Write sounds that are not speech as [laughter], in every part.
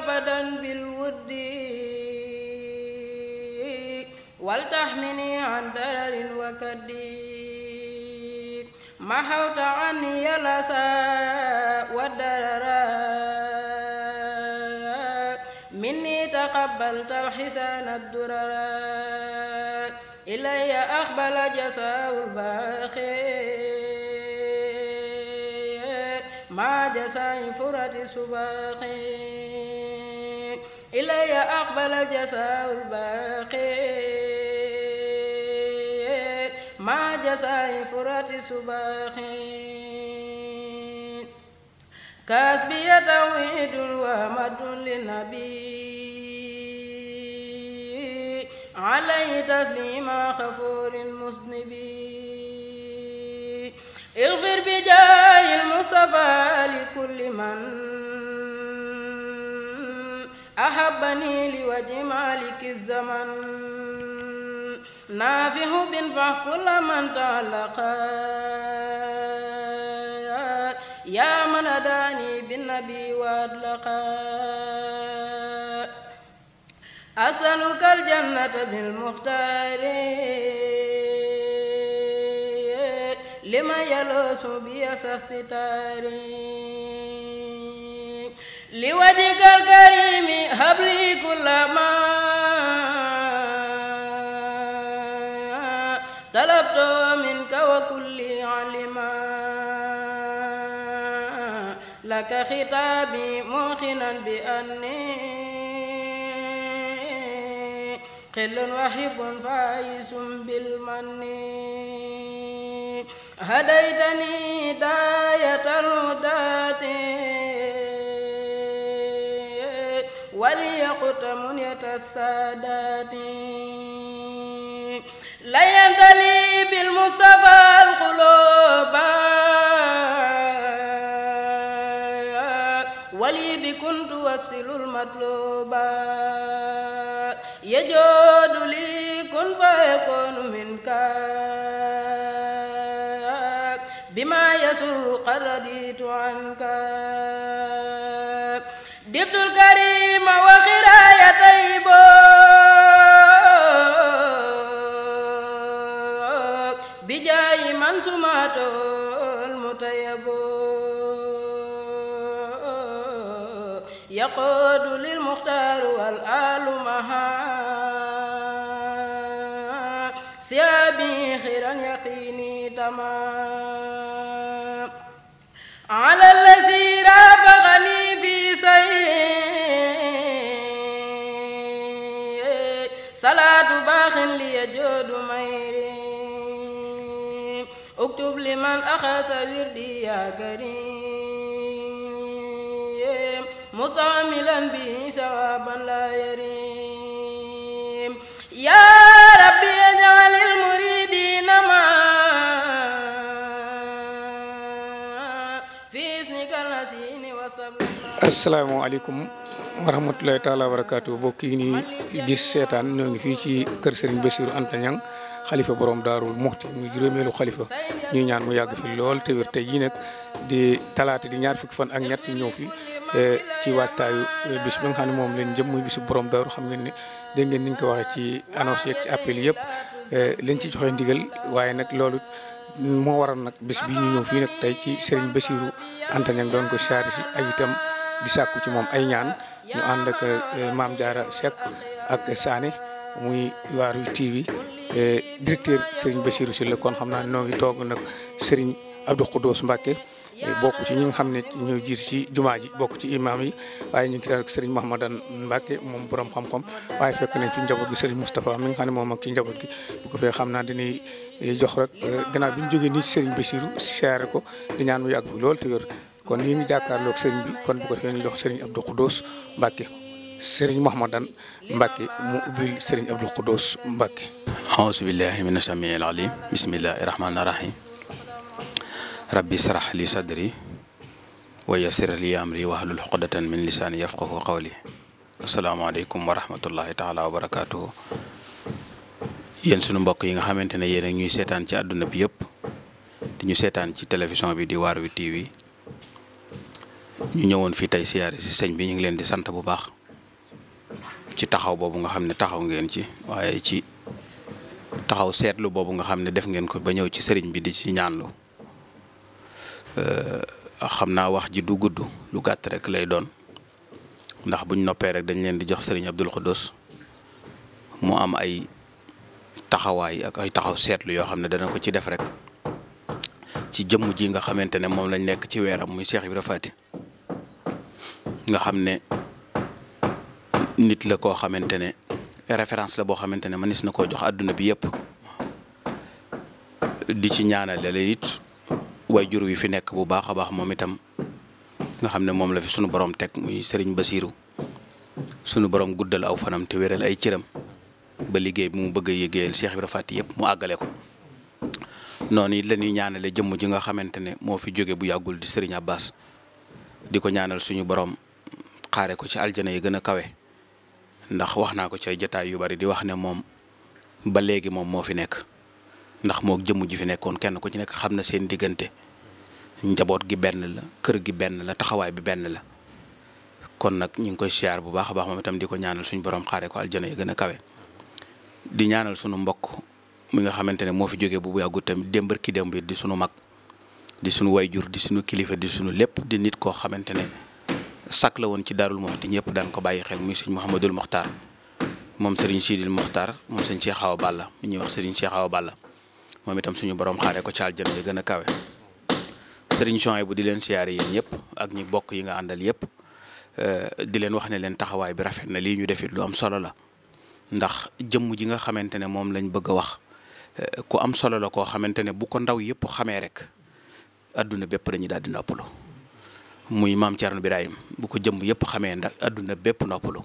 أبدا بالود ولتحمني عن درر وكدي محوت عني الأسى والدرر مني تقبلت الحسان الدرر إلي أقبل جزاء الباقي ما جسى فرة سباقي إلي أقبل جزاء الباقي ما جزاء فرات سباقي كاسبي توحيد ومد للنبي عليه تسليم خفور المذنبي اغفر بجاه المصطفى لكل من أحبني لوجه مالك الزمن نافع بنفع كل من تعلقا يا من أداني بالنبي وأدلقا أسألك الجنة بالمختار لما يلوس بيس استتاري li wajikal karimi habli kullama talabtu minka wa kulli alima laka xitaabi muxinan bi anni xillun wahibun faayisum bilmanni hadaytani daayatal hudaati يقت منية السادات لا ينتلي بالمصطفى القلوب ولي بكن توصل المطلوب يجود لي كن فيكون منك بما يسر قد رديت عنك القود للمختار والآل مها سيابي خيرا يقيني تمام على الذي رافقني في سير صلاة باخ ليجود ميري اكتب لمن أخس وردي يا كريم مستعملا به ثوابا لا يريم يا ربي اجعل المريدين ما في اسمك الحسين وصبر asalaamaaleykum wa rahmatulahi wa barakaatu mbokk yi seetaan ñoo ngi ci kër Serigne Bassirou Anta Niang xalifa borom daarul muxti muy juróomeelu xalifa ñuy ñaan mu yàgg fi lool te wér tey di talaata di ñaar fukki fan ak ñett ñëw fi Eh, ci waajtaayu eh, bis bi nga xam ne moom leen jëm muy bisu borom daaru xam ngeen ne dégg ngeen niñ ko waxee ci annonce yeeg ci appel yëpp eh, liñ ci joxe ndigal waaye nag loolu moo waral nag bis bi ñu ñëw fii nag tey ci Serigne Bassirou Anta Niang doon ko siyaare ak itam di sàkku ci moom ay ñaan ñu ànd ak Mame Diarra Seck ak Sané muy Waarwi TV directeur Serigne Bassirou si la kon xam naa noo ngi toog nag Serigne Abdou Khoudoss Mbacké bokk ci ñi nga xam ne ñooy jiir ci jumaa ji bokk ci imaam yi waaye ñu ngi ci ak Serigne Mahmadan Mbacke moom borom xam-xam waaye fekk nañ ci njaboot gi Serigne Moustapha mi nga xam ne moom ak ci njaboot gi naa dañuy jox rek euh, gannaaw bi ñu jógee nii ci Serigne Bassirou siyaare ko di ñaan mu yàgg bi lool te wér kon ñi ngi jàkkaarloog Serigne bi kon bu ko fee ñu jox Serigne Abdou Khoudous Mbacke Serigne Mahmadan mu ubbil Serigne Abdou Khoudous Mbacke. aouzu billahi mina samiil alim bismillahi rahmaani rahim rabbi sarax li sadri wa yassir li amri wahlul uqdatan min lisaani yafqahu qawli asalaamaaleykum wa rahmatullahi taala wa barakaatuhu yéen sunu mbokk yi nga xamante ne yéen a ñuy seetaan ci àdduna bi yëpp di ñu seetaan ci télévision bi di Waarwi TV ñu ñëwoon fii tey siyaare ci sëñ bi ñu ngi leen di sant bu baax ci taxaw boobu nga xam ne taxaw ngeen ci waaye ci taxaw seetlu boobu nga xam ne def ngeen ko ba ñëw ci sëriñ bi di ci ñaanlu Euh, xam naa wax ji du gudd lu gàtt rek lay doon ndax buñ noppee rek dañ leen di jox sëriñ Abdul Xuddus mu am ay taxawaay ak ay taxaw seetlu yoo xam ne dana ko ci def rek ci jëmm ji nga xamante ne moom lañ nekk ci weeram muy seex Ibra Faty nga xam ne nit la koo xamante ne référence la boo xamante ne mënees na koo jox àdduna bi yëpp di ci ñaanale it waajur wi fi nekk bu baax a baax moom itam nga xam ne moom la fi suñu borom teg muy sëriñ Basiiru sunu borom guddal aw fanam te wéral ay cëram ba liggéey bi mu bëgg a liggéeyal Cheikh Ibra Faty yëpp mu àggale ko noonu it la ñuy ñaanale jëmm ji nga xamante ne moo fi jóge bu yàggul di sëriñ baas di ko ñaanal suñu borom xaare ko ci aljana yi gën a kawe ndax wax naa ko ci ay yu bari di wax ne moom ba léegi moom moo fi nekk. ndax moo jëmm ji fi nekkoon kenn ku ci nekk xam na seen diggante njaboot gi benn la kër gi benn la taxawaay bi benn la kon nag ñu ngi koy siyaar bu baax a baax moom itam di ko ñaanal suñu borom xaare ko aljana yi gën a kawe di ñaanal suñu mbokk mi nga xamante ne moo fi jógee bu yàggut tamit démb ki démb bi di suñu mag di suñu wayjur di suñu kilifa di suñu lépp di nit koo xamante ne sak la woon ci Daarul Muxti ñëpp daan ko bàyyi xel muy sëñ Mouhamadul Mokhtar moom Serigne Sidil Mokhtar moom sëñ Cheikh Awa Balla mi ñuy wax Serigne Cheikh Awa Balla moom suñu borom xaaree ko caal jam yi gën a kawe sëriñ Sohaybu bu di leen siyaare yéen ñëpp ak ñi bokk yi nga àndal yëpp eh, di leen wax ne leen taxawaay bi rafet na lii ñu defit lu am solo la ndax jëmm ji nga xamante ne moom lañ bëgg a wax eh, ku am solo la koo xamante ne bu ko ndaw yëpp xamee rek adduna bépp dañuy daal di noppalu muy maam Thierno Birahim bu ko jëmm yëpp xamee ndax adduna bépp noppalu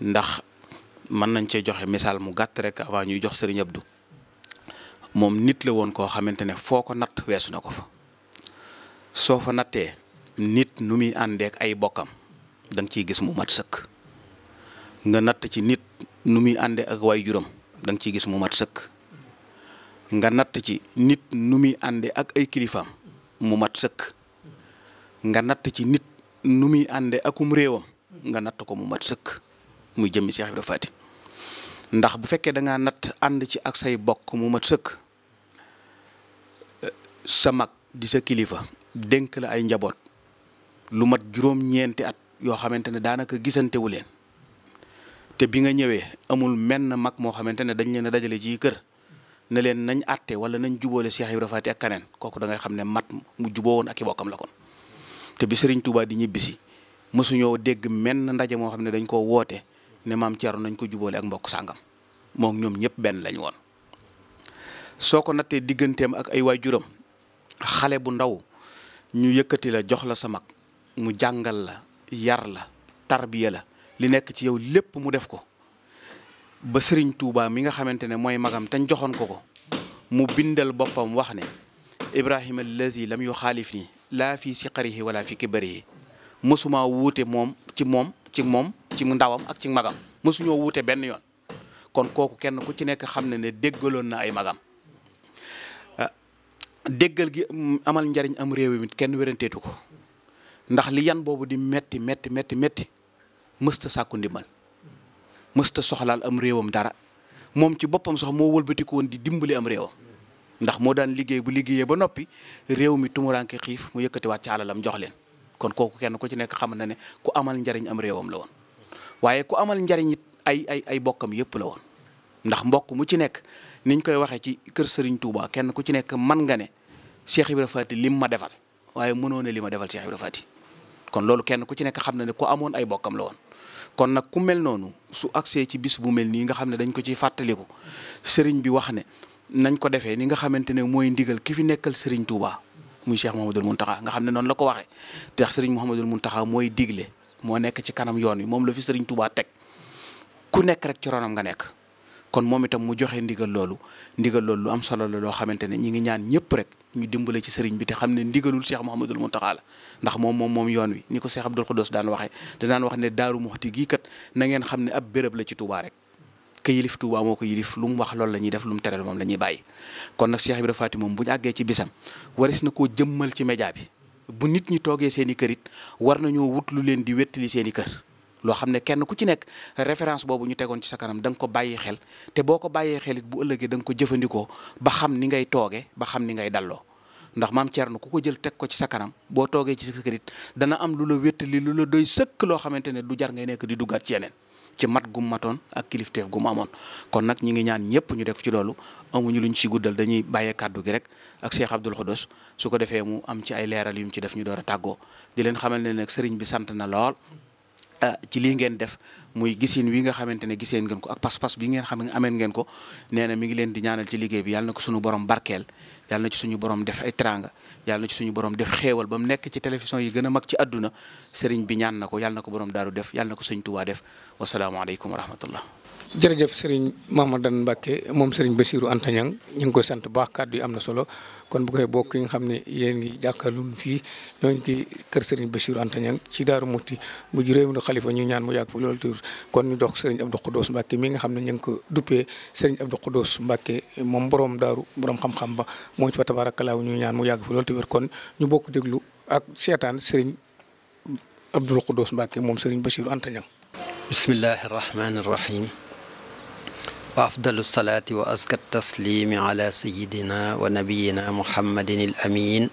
ndax mën nañ cee joxe misaal mu gàtt rek avant ñuy jox sëriñ Abdou moom nit la woon koo xamante ne foo ko natt weesu na ko fa soo fa nattee nit nu muy àndeek ay bokkam da nga ciy gis mu mat sëkk nga natt ci nit nu muy àndee ak waay juram da nga ciy gis mu mat sëkk nga natt ci nit nu muy àndee ak ay kilifaam mu mat sëkk nga natt ci nit nu muy àndee akum réewam nga natt ko mu mat sëkk muy jëmmi Cheikh Ibrahima Fati ndax bu fekkee danga natt ànd ci ak say bokk mu mat sëkk sa mag di sa kilifa dénk la ay njaboot lu mat juróom-ñeenti at yoo xamante ne daanaka gisantewu leen te bi nga ñëwee amul menn mag moo xamante ne dañ leen a dajale ci kër ne leen nañ àtte wala nañ jubóole Cheikh Ibra Faty ak kaneen kooku da ngay xam ne mat mu juboo woon ak i bokkam la kon te bi sëriñ Touba di ñibbisi mësuñoo dégg menn ndaje moo xam ne dañ ko woote ne maam Thierno nañ ko jubóole ak mbokk sàngam moom ñoom ñëpp benn lañ woon soo ko nattee digganteem ak ay waajuram xale bu ndaw ñu yëkkati la jox la sa mag mu jàngal la yar la tarbiya la li nekk ci yow lépp mu def ko ba Serigne Touba mi nga xamante ne mooy magam tañ joxoon ko ko mu bindal boppam wax ne Ibrahima allazi lam yu xaalif ni laa fi siqarihi wala fi kibarihi mësuma wuute moom ci moom ci moom ci ndawam ak ci magam mësuñoo wuute benn yoon kon kooku kenn ku ci nekk xam na ne déggaloon na ay magam déggal gi amal njariñ am réew mi kenn wéranteetu ko ndax li yan boobu di metti metti metti metti mësta sàkku ndimbal mësta soxlaal am réewam dara moom ci boppam sax moo wëlbatiku woon di dimbali am réewam ndax moo daan liggéey bu liggéeyee ba noppi réew mi tumuraanke xiif mu yëkkatiwaat ci alalam jox leen kon kooku kenn ku ci nekk xam ne ku amal njariñ am réewam la woon waaye ku amal njariñit ay ay ay bokkam yëpp la woon ndax mbokk mu ci nekk niñ koy waxee ci kër Serigne Touba kenn ku ci nekk man nga ne Cheikh Ibra Fati lim ma defal waaye mënoo ne li ma defal Cheikh Ibra Fati kon loolu kenn ku ci nekk xam na ne ku amoon ay bokkam la woon kon nag ku mel noonu su agsee ci bis bu mel nii nga xam ne dañ ko ci fàttaliku Serigne bi wax ne nañ ko defee ni nga xamante ne mooy ndigal ki fi nekkal Serigne Touba muy Cheikh Mouhamadoul Mountakha nga xam ne noonu la ko waxee te Serigne Mouhamadoul Mountakha mooy digle moo nekk ci kanam yoon wi moom la fi Serigne Touba teg ku nekk rek ci ronam nga nekk. kon moom itam mu joxe ndigal loolu ndigal loolu lu am solo la loo xamante ne ñi ngi ñaan ñëpp rek ñu dimbale ci sëriñ bi te xam ne ndigalul Cheikh Mouhamadul Mountakha la ndax moom moom moom yoon wi ni ko Cheikh Abdoul Khoudous daan waxee da daan wax ne Daaru Muxti gii kat na ngeen xam ne ab béréb la ci Touba rek ka yilif Touba moo ko yilif lu mu wax loolu la ñuy def lu mu moom la ñuy bàyyi kon nag Cheikh Ibra Faty moom bu ñu àggee ci bisam waris na koo jëmmal ci média bi bu nit ñi toogee seen i kër war nañoo wut lu leen di wettali seen i kër loo xam ne kenn ku ci nekk référence boobu ñu tegoon ci sa kanam da nga ko bàyyi xel te boo ko bàyyee xel bu ëllëgee da ko jëfandikoo ba xam ni ngay toogee ba xam ni ngay dalloo ndax maam na ku ko jël teg ko ci sa kanam boo toogee ci sa kër dana am lu la wéttali lu la doy sëkk loo xamante ne du jar ngay nekk di duggaat ci yeneen ci mat gum matoon ak kilifteef gum amoon kon nag ñi ngi ñaan ñëpp ñu def ci loolu amuñu luñ ci guddal dañuy bàyyee kàddu gi rek ak Cheikh Abdoul Khoudous su ko defee mu am ci ay leeral yu mu ci def ñu door a tàggoo di leen xamal ne nag sëriñ bi sant na lool Ah, ci lii ngeen def muy gisin wi nga xamante ne giseen ngeen ko ak pas-pas bi ngeen xam ameen ngeen ko nee mi ngi leen di ñaanal ci liggéey bi yàlla na ko suñu borom barkeel yàlla na ci suñu borom def ay teraanga na ci suñu borom def xéewal ba mu nekk ci télévision yi gën a mag ci àdduna sëriñ bi ñaan na ko yàlla na ko borom daaru def yàlla na ko sëñ Tuubaa def wasalaamaaleykum wa rahmatullah jërëjëf sëriñ Mahamadan Mbacke moom sëriñ Bassirou Anta Niang ñu ngi kon bu koy bokk yi nga xam ne yéen ngi jàkkaarloo fii ñooñu ci kër Serigne ba Anta Niang ci Daaru Muti mu juróomi nu xalifa ñu ñaan mu yàgg fa loolu tur kon ñu dox Serigne Abdou Khoudoss Mbacke mi nga xam ne ñu ngi ko duppee Serigne Abdou Khoudoss Mbacke moom borom daaru borom xam-xam ba moo ci fa tabarakalaaw ñu ñaan mu yàgg fa loolu tur kon ñu bokk déglu ak seetaan Serigne Abdou Khoudoss Mbacke moom Serigne Bassirou Anta Niang bismillahi rahmani rahim wa afdalu salaati wa aska taslimi ala sayidina wa nabiyina muhammadin al amin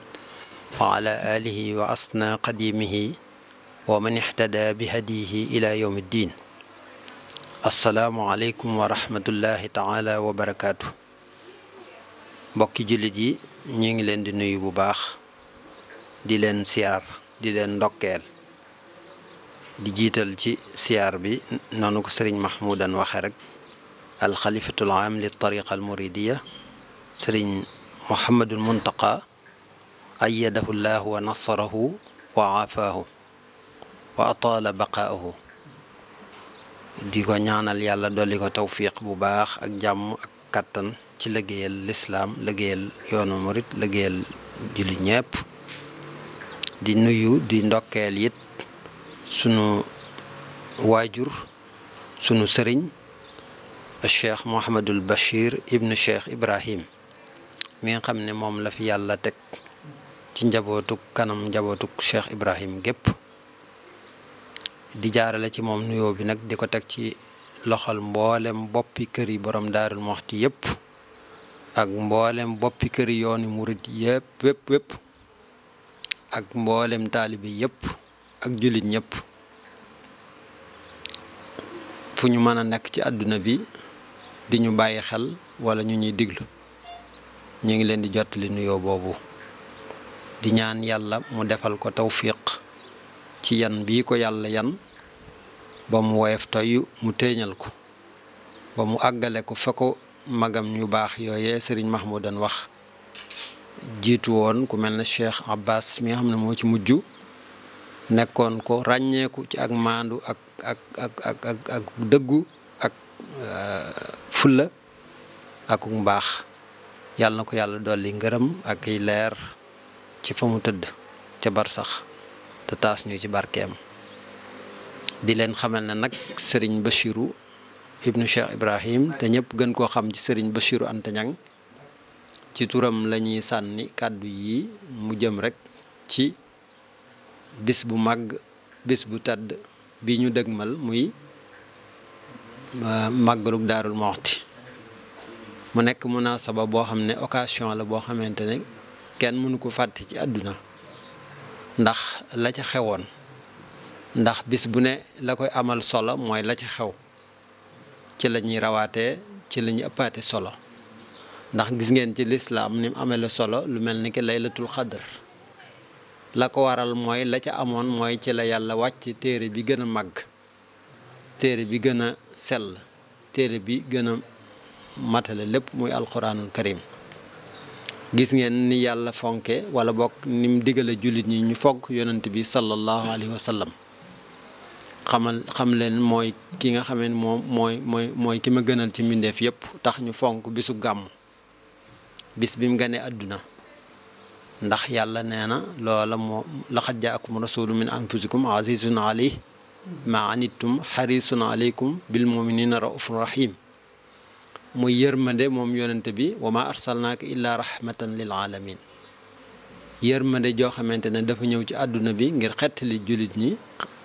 wa ala alihi wa asna qadimihi wa man ihtada bi hadihi ila yawmi ddin asalaamualeykum wa rahmatullahi taala wa barakaatu mbokki jullit yi ñu ngi leen di nuyu bu baax di leen siyaar di leen ndokkeel di jiital ci siyaar bi noonu ko sëriñ Mahmoudan waxe rek alxalifatul am li tariqa al muridiya sëriñ mohamadul muntaqa ayadahu wa nasarahu wa aafaahu wa ataala baqaahu di ko ñaanal yàlla dolli ko tawfiq bu baax ak jàmm ak kàttan ci liggéeyal lislaam liggéeyal yoonu murit liggéeyal julli di nuyu di ndokkeel it sunu waajur sunu sëriñ cheikh Mouhamadul Bachir ibnu cheikh Ibrahim mi nga xam ne moom la fi yàlla teg ci njabootuk kanam njabootuk cheikh Ibrahim gépp di jaarale ci moom nuyo bi nag di ko teg ci loxol mboolem boppi kër yi borom daarul moxti yëpp ak mboolem boppi kër yi yoonu murit yëpp wépp wépp ak mboolem taalibi yëpp ak jullit ñépp fu ñu mën a nekk ci àdduna bi di ñu bàyyi xel wala ñu ñuy diglu ñu ngi leen di jottali nuyoo boobu di ñaan yàlla mu defal ko tawfiq ci yan bii ko yàlla yan ba mu woyof toy mu téeñal ko ba mu àggale ko fa magam ñu baax yooyee sëriñ Mahmoudan wax jiitu woon ku mel ne Cheikh Abbas mi nga xam ne moo ci mujj nekkoon ko ràññeeku ci ak maandu ak ak ak ak ak dëggu Euh, fulla ak mbaax yàlla na ko yàlla dolli ngërëm ak i leer ci fa mu tëdd ca sax te taas ñu ci barkeem di leen xamal ne nag sëriñ Bachiru ibnu Cheikh Ibrahim te ñëpp gën koo xam ci sëriñ Bachiru Anta ci turam lañuy sànni kàddu yi mu jëm rekk ci bis bu màgg bis bu tàdd bi ñu dëgmal muy màggalug daarul moxti mu nekk munaasaba boo xam ne occasion la boo xamante ne kenn mënu ko fàtte ci àdduna ndax la ca xewoon ndax bis bu ne la koy amal solo mooy la ca xew ci la ñuy rawaatee ci lañuy ñuy ëppaate solo ndax gis ngeen ci lislaam ni mu amee la solo lu mel ni ki lay laylatul xadr la ko waral mooy la ca amoon mooy ci la yàlla wàcc téere bi gën a màgg téere bi gën a sell téere bi gën a matale lépp muy alquranul karim gis ngeen ni yàlla fonke wala bokk ni mu digale jullit ñi ñu fogg yonent bi sallallahu alayhi wa sallam xamal xam leen mooy ki nga xameen moom mooy mooy ki ma gënal ci mbindeef yépp tax ñu fonk bisu gàmm bis bi mu gane àdduna ndax yàlla nee na loola moo laqad jaakum rasulun min anfusikum azizun alayhi ma anittum xarisun aleykum bil muminina raufun rahim muy yërmande moom yonente bi wa ma arsalnaaka illa rahmatan lil alamin yërmande joo xamante ne dafa ñëw ci àdduna bi ngir xettali jullit ñi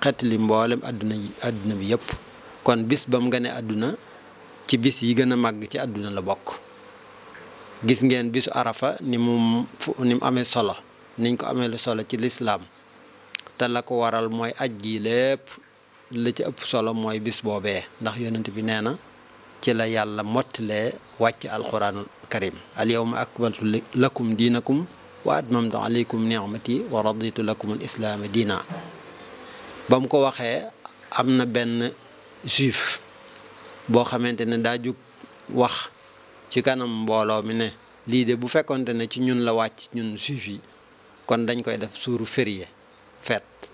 xettali mboolem àdduna yi àdduna bi yépp kon bis ba mu gane àdduna ci bis yi gën a màgg ci àdduna la bokk gis ngeen bisu arafa ni mu ni mu amee solo niñ ko amee solo ci lislaam te la ko waral mooy aj gi lépp la ci ëpp solo mooy bis boobee ndax yonent bi nee na ci la yàlla mottilee wàcc alquranul karim al yawma akmaltu lakum diinakum wa atmamtu aleykum nicmati wa raditu lakum al islaama diina ba mu ko waxee am na benn juif boo xamante ne daaju wax ci kanam mbooloo mi ne lii de bu fekkonte ne ci ñun la wàcc ñun juif yi kon dañ koy def suuru férié fête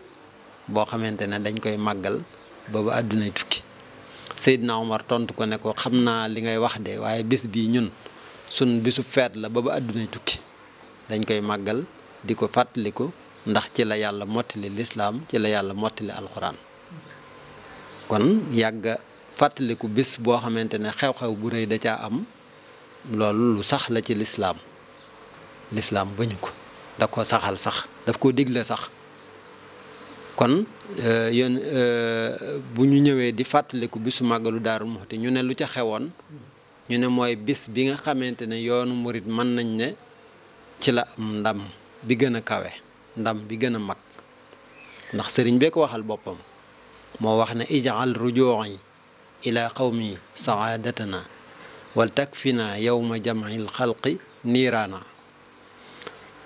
boo xamante ne dañ koy màggal ba ba àddunay tukki Seydina Omar tontu ko ne ko xam naa li ngay wax de waaye bis bii ñun sun bisu feet la ba ba àddunay tukki dañ koy màggal di ko fàttaliku ndax ci la yàlla mottali lislaam ci la yàlla mottali alxuraan kon yàgga fàttaliku bis boo xamante ne xew-xew bu rëy da caa am loolu lu sax la ci lislaam lislaam bañu ko da ko saxal sax daf koo digle sax kon euh, yéen euh, bu ñu ñëwee di fàttaliku bisu màggalu Daaru te ñu ne lu ca xewoon ñu ne mooy bis bi nga xamante ne yoonu murit mën nañ ne ci la ndam bi gën a kawe ndam bi gën a mag ndax sëriñ bee ko waxal boppam moo wax ne ijaal rujuu'i ila qawmi saadatana wal takfina yawma jam'il xalqi niiraana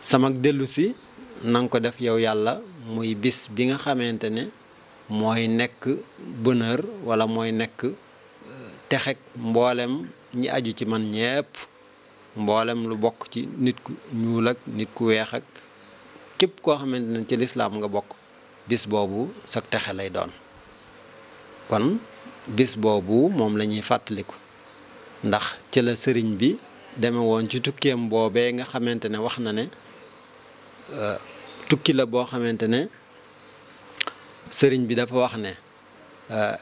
samak dellu si na nga ko def yow yàlla muy bis bi nga xamante ne mooy nekk bonheur wala mooy nekk euh, texek mboolem ñi aju ci man ñépp mboolem lu bokk ci nit ku ñuul ak nit ku weex ak képp koo xamante ne ci lislaam nga bokk bis boobu sag texe lay doon kon bis boobu moom lañuy fàttaliku ndax ci la sëriñ bi deme woon ci tukkeem boobee nga xamante ne wax na ne euh, tukki la boo xamante ne sëriñ bi dafa wax ne euh,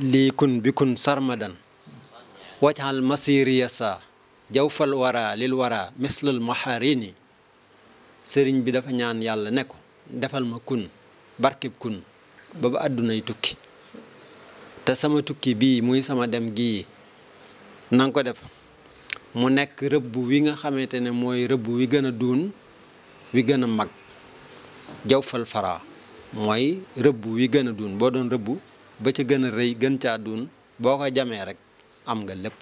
lii kun bi kun sarmadan wajal masiriya sa jawfal wara lil wara mislal maharini sëriñ bi dafa ñaan yàlla ne ko defal ma kun barkib kun ba ba àddunay tukki te sama tukki bii muy sama dem gii nanga ko def mu nekk rëbb wi nga xamante ne mooy rëbb wi gën a duun wi gën a mag jawfal fara mooy rëbb wi gën a duun boo doon rëbb ba ca gën a rëy gën caa duun boo ko jamee rek am nga lépp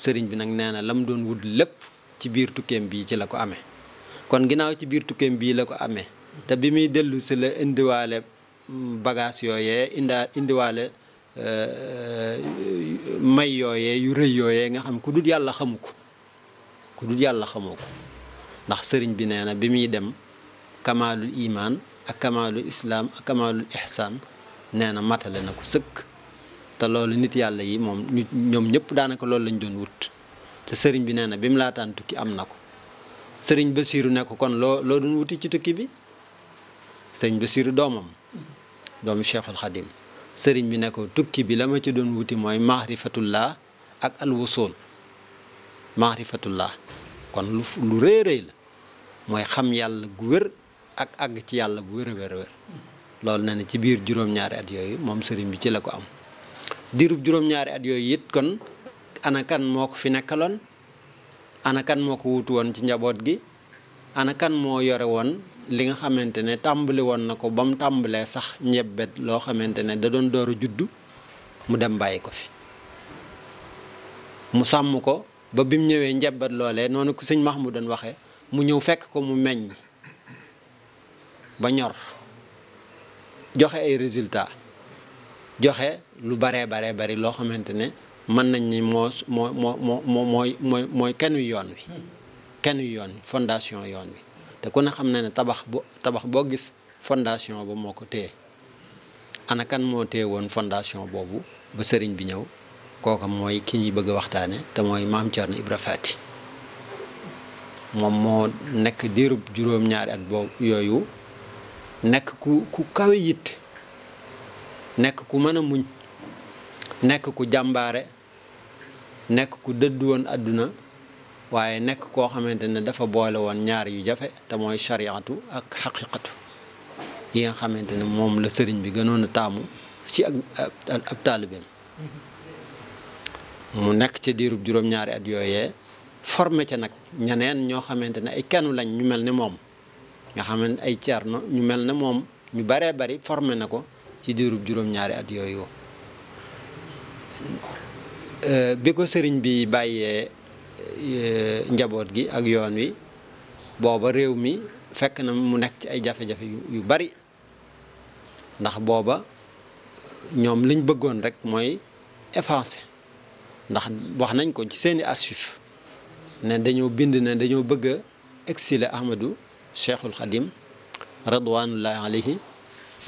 sëriñ bi nag nee na lam doon wut lépp ci biir tukkeem bii ci la ko amee kon ginnaaw ci biir tukkeem bii la ko amee te bi muy dellu si la indiwaale mm, bagage yooyee indaa indiwaale euh, may yooyee yu rëy yooyee nga xam ku dul yàlla xamu ko ku yàlla xamu ko ndax sëriñ bi nee na bi muy dem kamaalul imaan ak kamaalul islaam ak kamaalul ihsaan nee na matale na ko sëkk te loolu nit yàlla yi moom ñoom ñëpp daanaka loolu lañ doon wut te sëriñ bi nee na bi mu laataan tukki am na ko sëriñ Basiiru ne ko kon loo loo doon wuti ci tukki bi sëriñ Basiiru doomam doomu Cheikhul Xadim sëriñ bi ne ko tukki bi la ma ci doon wuti mooy maarifatullah ak alwusul maarifatullah kon lu lu rëy rëy la mooy xam yàlla gu wér ak àgg ci yàlla bu wér a wér a loolu na ne ci biir juróom-ñaari at yooyu moom sëriñ bi ci la ko am diirub juróom-ñaari at yooyu it kon ana kan moo ko fi nekkaloon anakan kan moo ko wuutu woon ci njaboot gi anakan moo yore woon li nga xamante ne tàmbali woon na ko ba mu tàmbalee sax ñebbet loo xamante ne da doon door juddu mu dem bàyyi ko fi mu sàmm ko ba bi mu ñëwee njaboot loole noonu ko max mu doon waxee mu ñëw fekk ko mu meññ. ba ñor joxe ay résultat joxe lu baree baree bari loo xamante ne mën nañ ni moo moo moo mooy mooy mooy kennu yoon wi hmm. kenn yu yoon wi fondation yoon wi te ku ne xam na ne tabax bu tabax boo gis fondation ba moo ko téye ana moo téye woon fondation boobu ba sëriñ bi ñëw kooka mooy ki ñuy bëgg a waxtaane te mooy maam Thierno Ibra Faty moom moo nekk diirub juróom-ñaari at boobu yooyu nekk ku ku kawe yit nekk ku mën a muñ nekk ku jàmbaare nekk ku dëdd woon àdduna waaye nekk koo xamante ne dafa boole woon ñaar yu jafe te mooy shariatu ak xaqiqatu yi nga xamante ne moom la sëriñ bi gënoon a taamu ci ak ab taalibeem mu nekk ca diirub juróom-ñaari at yooyee formé ca nag ñeneen ñoo xamante ne ay kenn lañ ñu mel ni moom nga xam ne ay Cerno ñu mel na moom ñu baree bari formé na ko ci diirub juróom-ñaari at yooyu euh, bi ko sëriñ bi bàyyee euh, njaboot gi ak yoon wi booba réew mi fekk na mu nekk ci ay jafe-jafe yu bari ndax booba ñoom liñ bëggoon rek mooy effacer ndax wax nañ ko ci seeni archive ne dañoo bind ne dañoo bëgg a exiler Ahmadou cheikhul xadim radwanullahi alayhi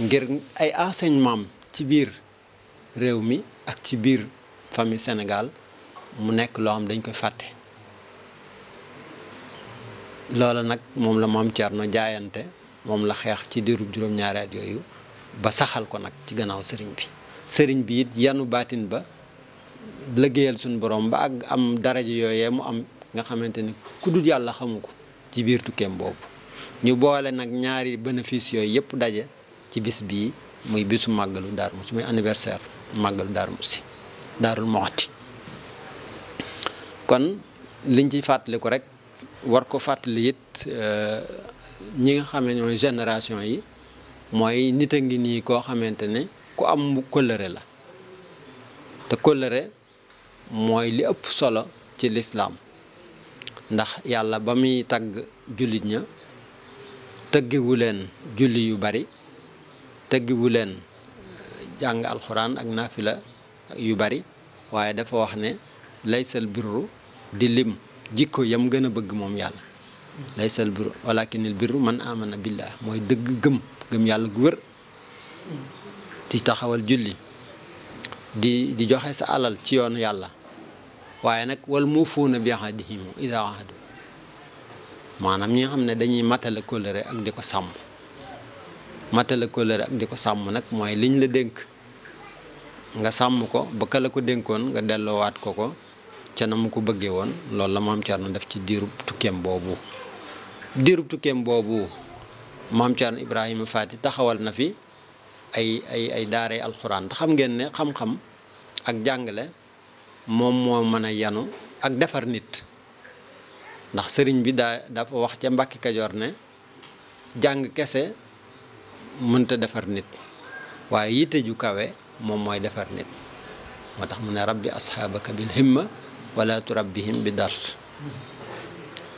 ngir ay enseignement ci biir réew mi ak ci biir famille Sénégal mu nekk loo xam dañ koy fàtte loola nag moom la maam Thierno jaayante moom la xeex ci diirub juróom-ñaari at yooyu ba saxal ko nag ci gannaaw sëriñ bi sëriñ bi it yanu baatin ba liggéeyal suñu borom ba ak am daraja yooyee mu am nga xamante ni ku yàlla xamu ko ci biir tukkeem boobu ñu boole nag ñaari bénéfice yooyu yëpp daje ci bis bii muy bisu màggalu Daaru Muxti muy anniversaire màggalu Daaru Muxti Daarul Muxti kon liñ ci fàttaliku rek war ko fàttali it euh, ñi nga xam ne ñooy yi mooy nit a ngi nii koo xamante ne ku am kóllëre la te kóllëre mooy li ëpp solo ci lislaam ndax yàlla ba muy tagg jullit ña tëggiwu leen julli yu bari tëggiwu leen eh, jàng alxuraan ak naafila yu bari waaye dafa wax ne laysal birru di lim jikko yam gën a bëgg moom yàlla laysal birru walakinil birru man amana billah mooy dëgg gëm gëm yàlla gu wér di taxawal julli di di joxe sa alal ci yoonu yàlla waaye nag wal muufuuna bi ahdihim idaa ahadu maanaam ñi nga xam ne dañuy matale kóllëre ak di ko sàmm matale kóllëre ak di ko sàmm nag mooy liñ la dénk nga sàmm ko ba ka la ko dénkoon nga delloowaat ko ko ca na mu ko bëggee woon loolu la maam Thierno def ci diirub tukkeem boobu diirub tukkeem boobu maam Thierno Ibrahima Faty taxawal na fi ay ay ay daaray alxuraan te xam ngeen ne xam-xam ak jàngale moom moo mën a yenu ak defar nit ndax sëriñ bi daa dafa wax ca Mbàkke Kajoor ne jàng kese mënta defar nit waaye yitte ju kawe moom mooy defar nit moo tax mu ne rabbi asxaabaka bil himma wala turabbihim bi dars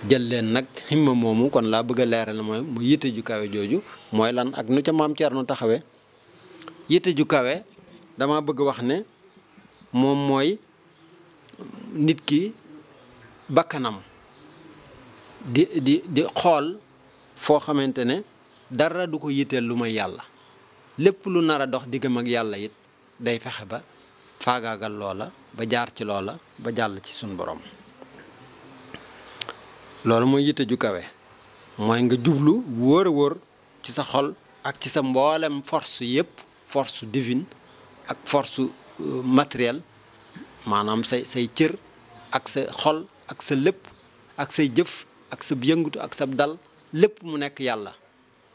jël leen nag himma moomu kon laa bëgg a leeral mooy mu yitte ju kawe jooju mooy lan ak nu ca maam Thierno taxawe yitte ju kawe dama bëgg wax ne moom mooy nit ki bakkanam di di di xool foo xamante ne dara du ko yitteel lu may yàlla lépp lu nar a dox diggam ak yàlla yit day fexe ba faagaagal loola ba jaar ci loola ba jàll ci suñ borom loolu mooy yitte ju kawe mooy nga jublu wóor a wóor ci sa xol ak ci sa mboolem force yépp force divine ak force euh, matériel maanaam say say cër ak sa xol ak sa lépp ak say jëf ak sab yëngatu ak sab dal lépp mu nekk yàlla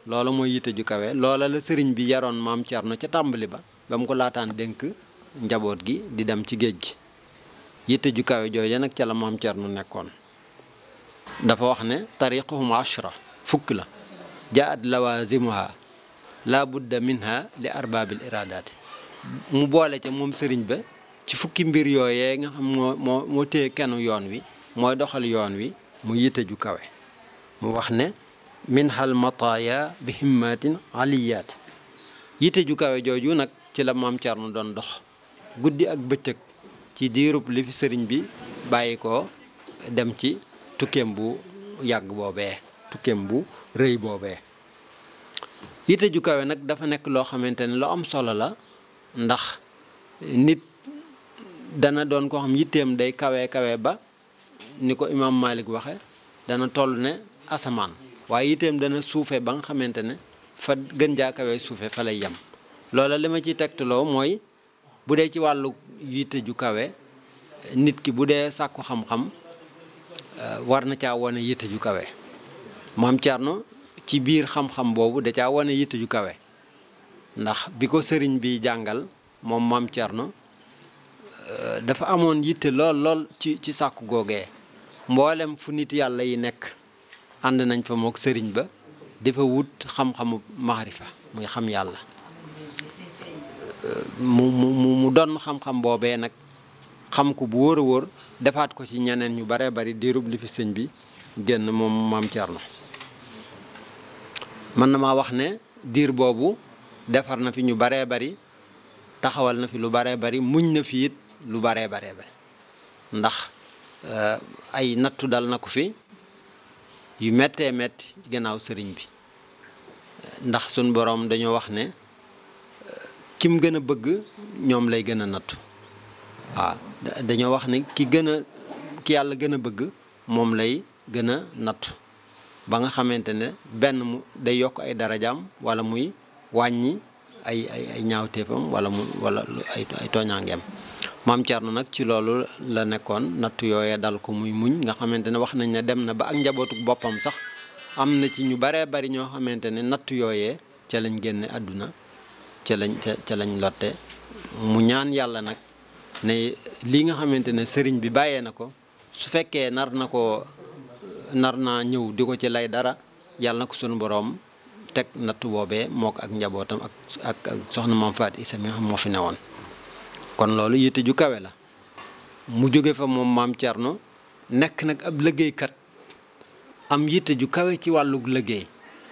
loola mooy yitte ju kawe loola la sëriñ bi yaroon maam Cerno ca tàmbali ba ba mu ko laataan dénk njaboot gi di dem ci géej gi yitte ju kawe jooja nag ca la maam Cerno nekkoon dafa wax ne tariquhum ashra fukk la jaat lawazimuha la budda minha li arbaabil iradaati mu boole ca moom sëriñ ba ci fukki mbir yooyee nga xam moo moo moo téye kenu yoon wi mooy doxal yoon wi mu yite ju kawe mu wax ne min hal mataaya bi himmatin aliyaat yite ju kawe jooju nag ci la maam Thierno doon dox guddi ak bëccëg ci diirub li fi sëriñ bi bàyyi ko dem ci tukkem bu yàgg boobee tukkem bu rëy boobee yite ju kawe nag dafa nekk loo xamante ne lu am solo la ndax nit dana doon koo xam yitteem day kawe kawe ba ni ko imaam Malik waxe dana toll ne asamaan waaye itam dana suufe ba nga xamante ne fa gën jaakawee suufe fa lay yem loola li ma ciy tegtaloo mooy bu dee ci wàllu yitte ju kawe nit ki bu dee sàkku xam-xam euh, war na caa wone yitte ju kawe maam Thierno ci biir xam-xam boobu da caa wane yitte ju kawe ndax bi ko sëriñ bi jàngal moom maam Thierno euh, dafa amoon yitte lool lool ci sàkku googee mboolem fu nit yàlla yi nekk ànd nañ fa mook sëriñ ba di fa wut xam-xamu maxarifa muy xam yàlla mu mu mu doon xam-xam boobee nag xam ko bu wóor wóor defaat ko ci ñeneen ñu baree bari diirub li sëñ bi génn moom maam Thierno mën na maa wax ne diir boobu defar na fi ñu baree bari taxawal na fi lu baree bari muñ na fi lu baree baree bari ndax Euh, ay nattu dal na ko fi yu méttee metti ci gannaaw sëriñ bi ndax suñ boroom dañoo wax ne euh, ki mu gën a bëgg ñoom lay gën a nattu waaw dañoo wax ne ki gën a ki yàlla gën a bëgg moom lay gën a nattu ba nga xamante ne benn mu day yokk ay darajaam wala muy wàññi ay ay ay ñaawteefam wala mu wala ay tooñaangeem maam na nag ci loolu la nekkoon nattu yooye dal ko muy muñ nga xamante ne wax nañ ne dem na ba ak njabootu boppam sax am na ci ñu baree bari ñoo xamante ne nattu yooyee ca lañ génne àdduna ca lañ ca lañ lotte mu ñaan yàlla nag ne lii nga xamante ne sëriñ bi bàyyee na ko su fekkee nar na ko nar naa ñëw di ko ci lay dara yàlla na ko sunu boroom teg nattu boobee mook ak njabootam ak ak soxna maam Faat Isa moo fi newoon kon loolu yitte ju kawe la mu jóge fa moom maam Thierno nekk nag ab liggéeykat am yitte ju kawe ci wàllug liggéey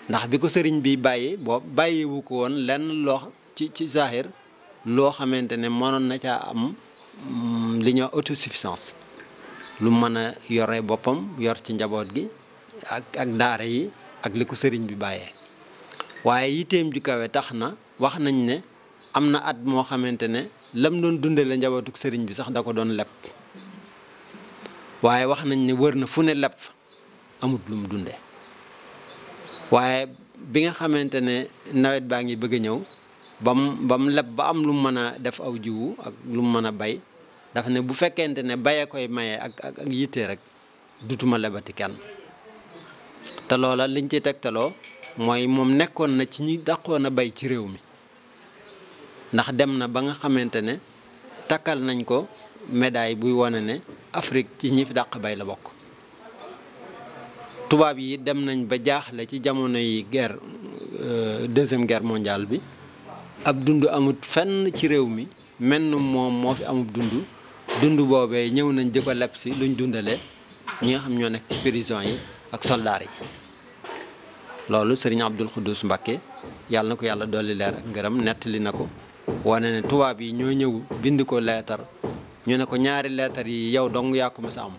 ndax bi ko sëriñ bi bàyyi boo bàyyiwu ko woon lenn loo ci ci zahir loo xamante ne mënoon na caa am mm, li ñuy wax autosuffisance lu mën a yore boppam yor ci njaboot gi ak ak daara yi ak li ko sëriñ bi bàyyee waaye yitteem ju kawe tax na wax nañ ne am na at moo xamante ne lam doon la njabootuk sëriñ bi sax da ko doon leb waaye wax nañ ne wër na fu ne leb fa amut lu mu dunde waaye bi nga xamante ne nawet baa ngi bëgg a ñëw bam bam leb ba am lu mu mën a def aw jiwu ak lu mu mën a bay dafa ne bu fekkente ne baye koy maye ak ak ak yitte rek dutuma lebati kenn te loola liñ ci tegtaloo mooy moom nekkoon na ci ñi daqoon a bay ci réew mi ndax dem na ba nga xamante ne takkal nañ ko medaay buy wane ne Afrique ci ñi fi dàq bay la bokk tubaab yi dem nañ ba jaaxle ci jamono yi ger euh, deuxième guerre mondiale bi ab dund amut fenn ci réew mi menn moom moo fi amut dund dund boobee ñëw nañ di ko leb si luñ dundalee ñi nga xam ñoo nekk ci prison yi ak soldaar yi loolu sëriñ Abdul Xuddus Mbàkke yàlla na ko yàlla dolli leer ak ngërëm nettali na ko wane ne tubaab yi ñoo ñëw bind ko leetar ñu ne ko ñaari leetar yi yow dong yaa ko mës am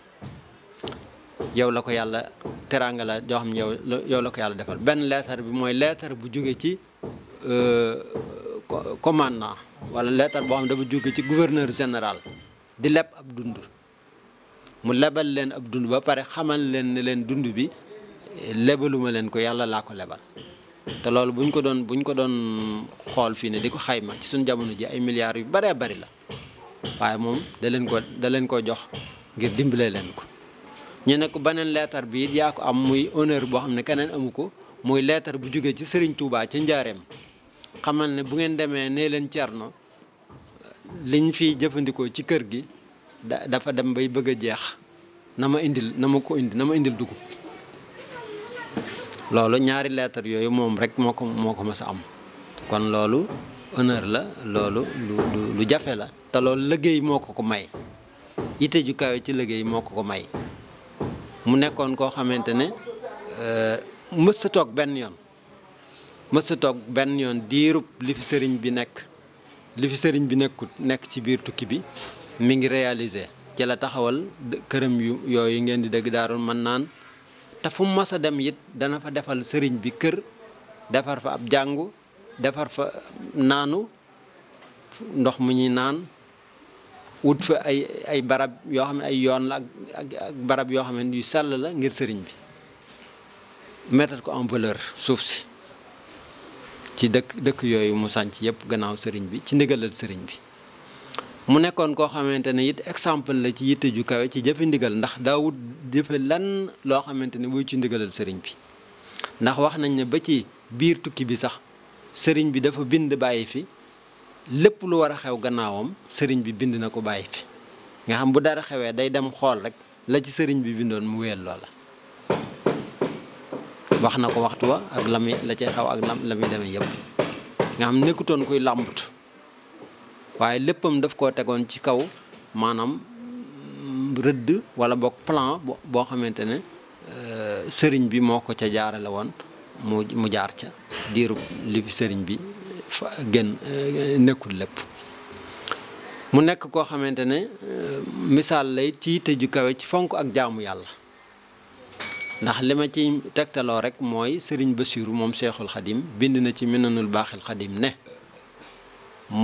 yow la ko yàlla teraanga la joo xam la ko yàlla defal benn leetar bi mooy leetar bu jóge ci euh, commandant walla leetar boo xam dafa jóge ci gouverneur général di leb ab dund mu lebal leen ab dund ba pare xamal leen ne leen dund bi lebaluma leen ko yàlla laa ko lebal te loolu buñ ko doon buñ ko doon xool fii ne di ko xayma ci suñ jamono ji ay milliards yu bëree bari la waaye moom da leen ko da leen ko jox ngir dimbale leen ko ñu ne ko beneen leetar bi it yaa ko am muy honneur boo xam ne keneen amu ko muy leetar bu jógee ci sëriñ Touba ci njaareem xamal ne bu ngeen demee nee leen cerno liñ fi jëfandikoo ci kër gi da dafa dem bay bëgg a jeex na ma indil na ma ko indi na ma indil dugub loolu ñaari leetar yooyu moom rek moo ko moo ko mës a am kon loolu honneur la loolu lu lu jafe la te loolu liggéey moo ko ko may ite ju kawe ci liggéey moo ko ko may mu nekkoon koo xamante ne euh, mës a toog benn yoon mës a toog benn yoon diirub li fi sëriñ bi nekk li fi sëriñ bi nekku nekk ci biir tukki bi mi ngi réalisé ci la taxawal këram yu yooyu ngeen di dégg daarul mën naan te fu mu mës a dem it dana fa defal sëriñ bi kër defar fa ab jàngu defar fa naanu ndox mu ñuy naan wut fa ay ay barab yoo xam ne ay yoon la ak barab yoo xam ne yu sell la ngir sëriñ bi mettre ko en valeur suuf si ci dëkk dëkk yooyu mu sànc yëpp gannaaw sëriñ bi ci ndigalal sëriñ bi mu nekkoon koo xamante ne it exemple la ci yitte ju kawe ci jëfe ndigal ndax daawut jëfe lan loo xamante ne buy ci ndigalal sëriñ bi ndax wax nañ ne ba ci biir tukki bi sax sëriñ bi dafa bind bàyyi fi lépp lu war a xew gannaawam sëriñ bi bind na ko bàyyi fi nga xam bu dara xewee day dem xool rek la ci sëriñ bi bindoon mu wéyal loola wax na ko waxtu wa ak la muy la cay xew ak la muy demee yëpp nga xam nekkutoon kuy làmbut waaye léppam daf koo tegoon ci kaw maanaam mm, rëdd wala boog plan boo xamante ne euh, sëriñ bi moo ko ca jaarale woon mu mu jaar ca diiru li fi sëriñ bi fa gën euh, nekkul lépp mu nekk koo xamante ne euh, misaal lay ci yitte ju kawe ci fonk ak jaamu yàlla ndax li ma ci tegtaloo rek mooy sëriñ Basiiru moom Seexul Xadim bind na ci Minanul Baaxil Xadim ne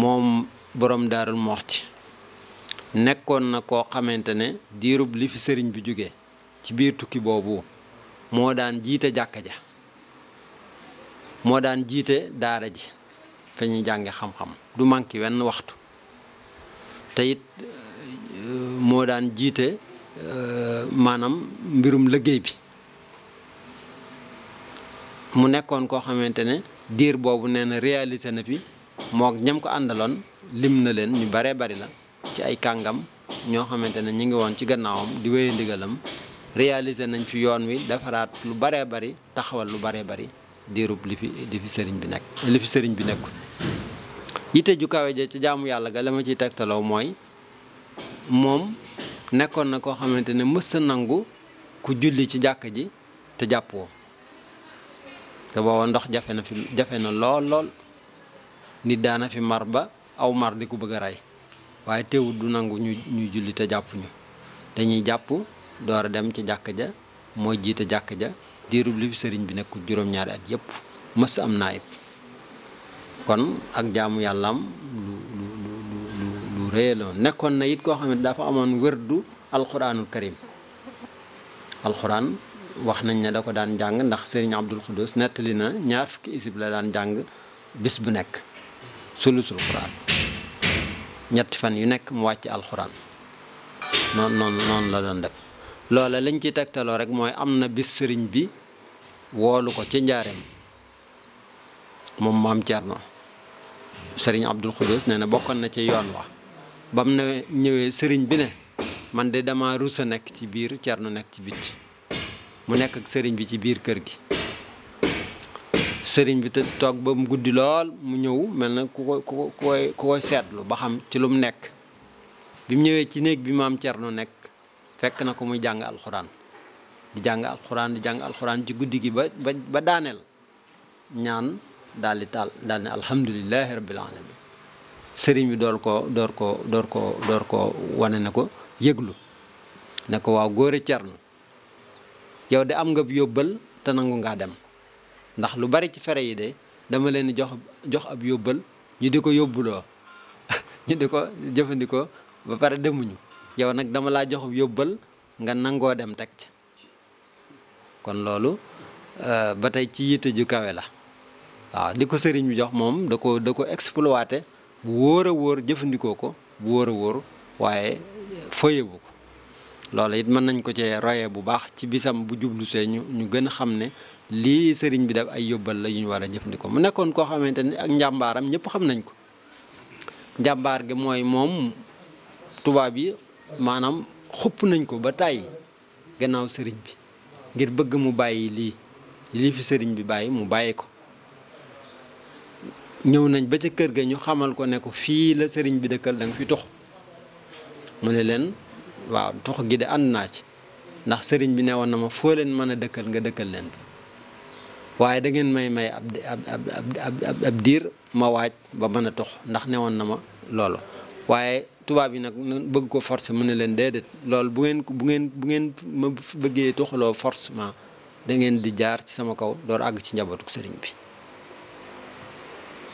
moom borom daarul moxti nekkoon na koo xamante ne diirub li fi sëriñ bi jóge ci biir tukki boobu moo daan jiite jàkka ja moo daan jiite daara ji fa ñuy jànge xam-xam du manqué wenn waxtu te euh, moo daan jiite euh, maanaam mbirum liggéey bi mu nekkoon koo xamante ne diir boobu nee na réalisé na fi moog ñam ko àndaloon lim na leen ñu baree bari la ci ay kàngam ñoo xamante ne ñu ngi woon ci gannaawam di wéye ndigalam réaliser nañ fi yoon wi defaraat lu baree bari taxawal lu baree bari diirub li fi sëriñ bi nekk li fi sëriñ bi nekku yite ju kawe je ci jaamu yàlla ga ciy tegtaloo mooy moom nekkoon na koo xamante ne mës nangu ku julli ci jàkk ji te jàppoo te booba ndox jafe na fi jafe na lool lool nit daana fi mar ba aw mar di ko bëgg a rey waaye teewut du nangu ñu ñu julli te dañuy jàpp door a dem ci jàkk ja mooy jiite jàkk ja diirub li sëriñ bi nekkul juróom-ñaari at yëpp mës am naayib kon ak jaamu yàllam lu lu lu lu lu nekkoon na it koo xam ne dafa amoon wërdu alxuraanul karim alxuraan wax nañ ne da ko daan jàng ndax sëriñ Abdul Xudus nettali na ñaar fukki isib la daan jàng bis bu nekk. sulusul quran ñetti fan yu nekk mu wàcc alxuraan noonu noonu noonu la doon def loola lañ ci taktaloo rek mooy am na bis sëriñ bi woolu ko ci njaareem moom maam Thierno sëriñ Abdul Xudus nee na bokkoon na ci yoon wa ba mu ne ñëwee sëriñ bi ne man de dama rusa nekk ci biir Thierno nekk ci bitti mu nekk ak sëriñ bi ci biir kër gi sëriñ bi te toog ba mu guddi lool mu ñëw mel na ku ko ku koy ku koy seetlu ba xam ci lu mu nekk bi mu ñëwee ci néeg bi maam Cerno nekk fekk na ko muy jàng alxuraan di jàng alxuraan ci guddi gi ba ba daaneel ñaan daal di taal daal ne alhamdulilahi rabbil alamin sëriñ bi door ko door ko door ko door ko wane ne ko yëglu ne ko waaw góore Cerno yow de am nga bu yóbbal te nangu ngaa dem ndax lu bari ci fere yi de dama leen jox jox ab yóbbal ñu di ko yóbbuloo [laughs] ñu di ko jëfandikoo ba pare demuñu yow nag dama laa jox yóbbal nga nangoo dem teg ci kon loolu euh, ba tey ci yitte ju kawe la waaw li ko sëriñ bi jox moom da ko da ko exploité bu wóora a wóor jëfandikoo ko bu wóor a wóor waaye foye bu ko loolu it mën nañ ko cee royee bu baax ci bisam bu jublu see ñu ñu gën a xam ne lii sëriñ bi def ay yóbbal la yu ñu war a jëfandikoo mu nekkoon koo xamante ni ak njàmbaaram ñëpp xam nañ ko njàmbaar gi mooy moom tubaab yi maanaam xupp nañ ko ba tàyyi gannaaw sëriñ bi ngir bëgg mu bàyyi lii lii fi sëriñ bi bàyyi mu bàyyi ko ñëw nañ ba ca kër ga ñu xamal ko ne ko fii la sëriñ bi dëkkal danga fi tox mu ne leen waaw tox gi de ànd naa ci ndax sëriñ bi ne woon na ma foo leen mën a dëkkal nga dëkkal leen waaye da ngeen may may ab ab ab diir ma waaj ba mën a tox ndax ne woon na ma loolu waaye tubaab yi nag bëgg ko forcer mu ne leen déedéet loolu bu ngeen bu ngeen bu ngeen ma bëggee toxaloo forcément da ngeen di jaar ci sama kaw door àgg ci njabootu sëriñ bi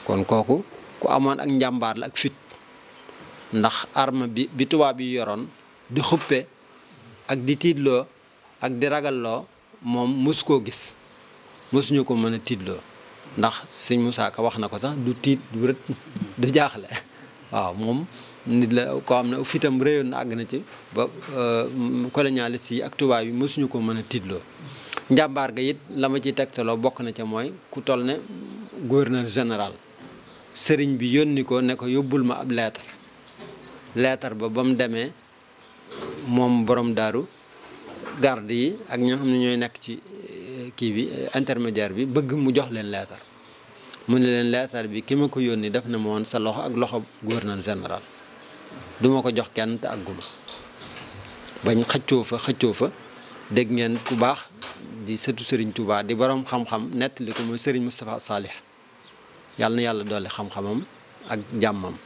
kon kooku ku amoon ak njàmbaar la ak fit ndax arme bi bi tubaab yi yoroon di xuppe ak di tiitloo ak di ragalloo moom mës koo gis mësuñu ko mën a tiitloo ndax sëñ Moussa Ka wax na ko sax du tiit du rët du jaaxle waaw moom nit la ko xam ne fitam réyoon na àgg na ci ba euh, colonialiste yi ak tubaab yi mësuñu ko mën a tiitloo njàmbaar ga it la ma ci tegtaloo bokk na ca mooy ku toll ne gouverneur général sëriñ bi yónni ko ne ko yóbbul ma ab leetar leetar ba ba mu demee moom borom daaru garde yi ak ñoo xam ne ñooy nekk ci kii bi eh, intermédiaire bi bëgg mu jox leen leetar mu ne leen leetar bi ki ma ko yónni def na ma sa loxo ak loxo gouverneur général du ma ko jox kenn te àgguma bañ xëccoo fa xëccoo fa dégg ngeen ku baax di sëtu sëriñ tubaa di boroom xam-xam nettali ko mooy Serigne Moustapha Salih yàlla yàlla doole xam-xamam ak jàmmam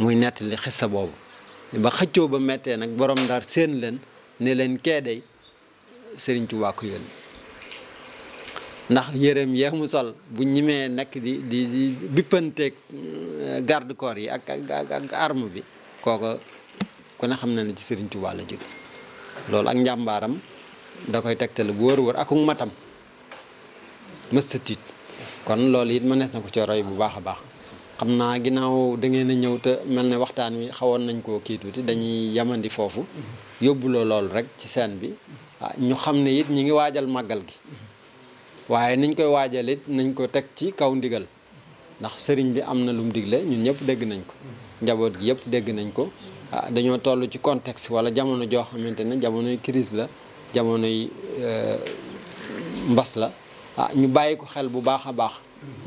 muy nettali xissa boobu ba xëccoo ba mettee nag boroom ndar seen leen ne leen kee day Serigne Touba ko yónni ndax yéreem yeex mu sol bu ñimee nekk di di di euh, garde corps yi ak ak ak arme bi kooko ku ne xam na ni ci Sëriñ Tuubaa la jóge loolu ak njàmbaaram da koy tegtal bu wër wër ak matam mësta tiit kon loolu it mënees na ko ci roy bu baax a baax xam naa ginnaaw da ngeen a ñëw te mel ne waxtaan wi xawoon nañ koo kii tuuti dañuy yamandi foofu yóbbuloo lool rek ci seen bi ah, ñu xam ne it ñi ngi waajal màggal gi waaye niñ koy waajalee nañ ko teg ci kaw ndigal ndax sëriñ bi am na lum digle ñun ñëpp dégg nañ ko njaboot gi yëpp dégg nañ ko ah, dañoo toll ci contexte wala jamono joo xamante ne jamonoy kiris la jamonoy euh, mbas la ah, ñu bàyyi ko xel bu baax a baax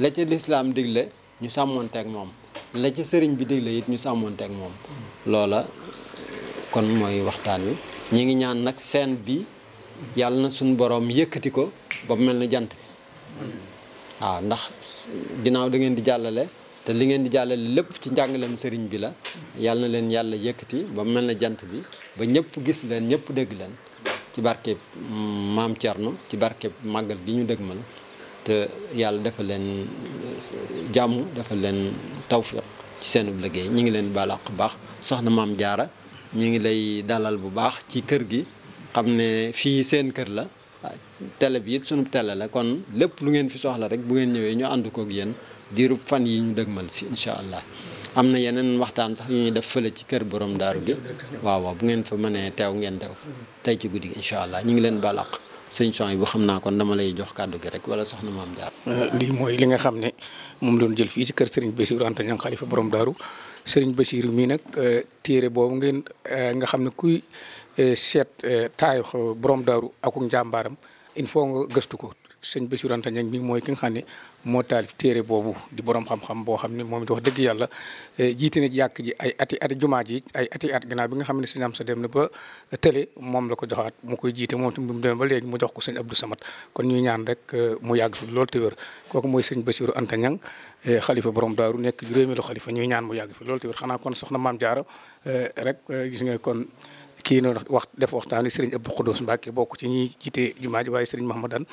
la ca lislaam digle ñu sàmmoonteeg moom la ca sëriñ bi digle it ñu sàmmoonteeg moom loola kon mooy waxtaan wi ñu ngi ñaan nag seen bi yàlla na suñu boroom yëkkati ko ba mel ni jant bi waaw ndax ginnaaw da ngeen di jàllale te li ngeen di jàllale lépp ci njàngaleem sëriñ bi la yàlla na leen yàlla yëkkati ba mel na jant bi ba ñëpp gis leen ñëpp dégg leen ci barkeb maam Thierno ci barkeb màggal gi ñu dégg ma la te yàlla dafa leen eh, jàmm dafa leen tawfiq ci seenub liggéey ñu ngi leen baal àq bu baax soxna maam jaara ñu ngi lay dalal bu baax ci kër gi xam ne fii seen kër la télé bi it sunu télé la kon lépp lu ngeen fi soxla rek bu ngeen ñëwee ñu ànd koog yéen diirub fan yi ñu dëgmal si incha allah am na yeneen waxtaan sax yu ñuy def fële ci kër borom daaru gi bu ngeen fa mënee teew ngeen teew tey ci guddi gi incha allah ñu ngi leen baal àq son yi xam naa kon dama lay jox kàddu gi rek wala soxna maam jaar euh, lii mooy li nga xam ne moom loolu jël fii ci kër Serigne Bassirou Anta Niang xalifa borom daaru Serigne Bassirou mii nag euh, téere boobu ngeen euh, nga xam ne kuy Eh, seet eh, taarix borom daaru akuk njàmbaaram il faut nga gëstu ko sëñ Bassirou Anta Niang mi mooy ki nga xam ne moo taalif téere boobu di borom xam-xam boo xam ne moom it wax dëgg yàlla eh, jiite na ji ay ati at jumaa ji ay ati at gannaaw bi nga xam ne sëñ am sa dem na ba tële moom la ko joxaat mu koy jiite moom tamit mu demee ba léegi mu jox ko sëñ Abdou samat kon ñuy ñaan rek mu yàgg fi loolu te wér kooku mooy sëñ Bassirou Anta Niang xalifa borom daaru nekk juróomeelu xalifa ñuy ñaan mu yàgg fi loolu te wér xanaa kon soxna maam jaara rek gis kii noonu wax def waxtaan wi sëriñ a Khoudous Mbacke bokk ci ñi jiite jumaa ji waaye sëriñ Mahamadan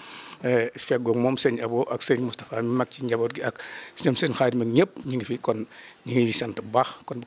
eh, feggoog moom sëñ Abo ak sëriñ Moustapha mi mag ci njaboot gi ak ñoom sëñ Xaadim ak ñëpp ñu ngi fi kon ñu ngi sant bu baax kon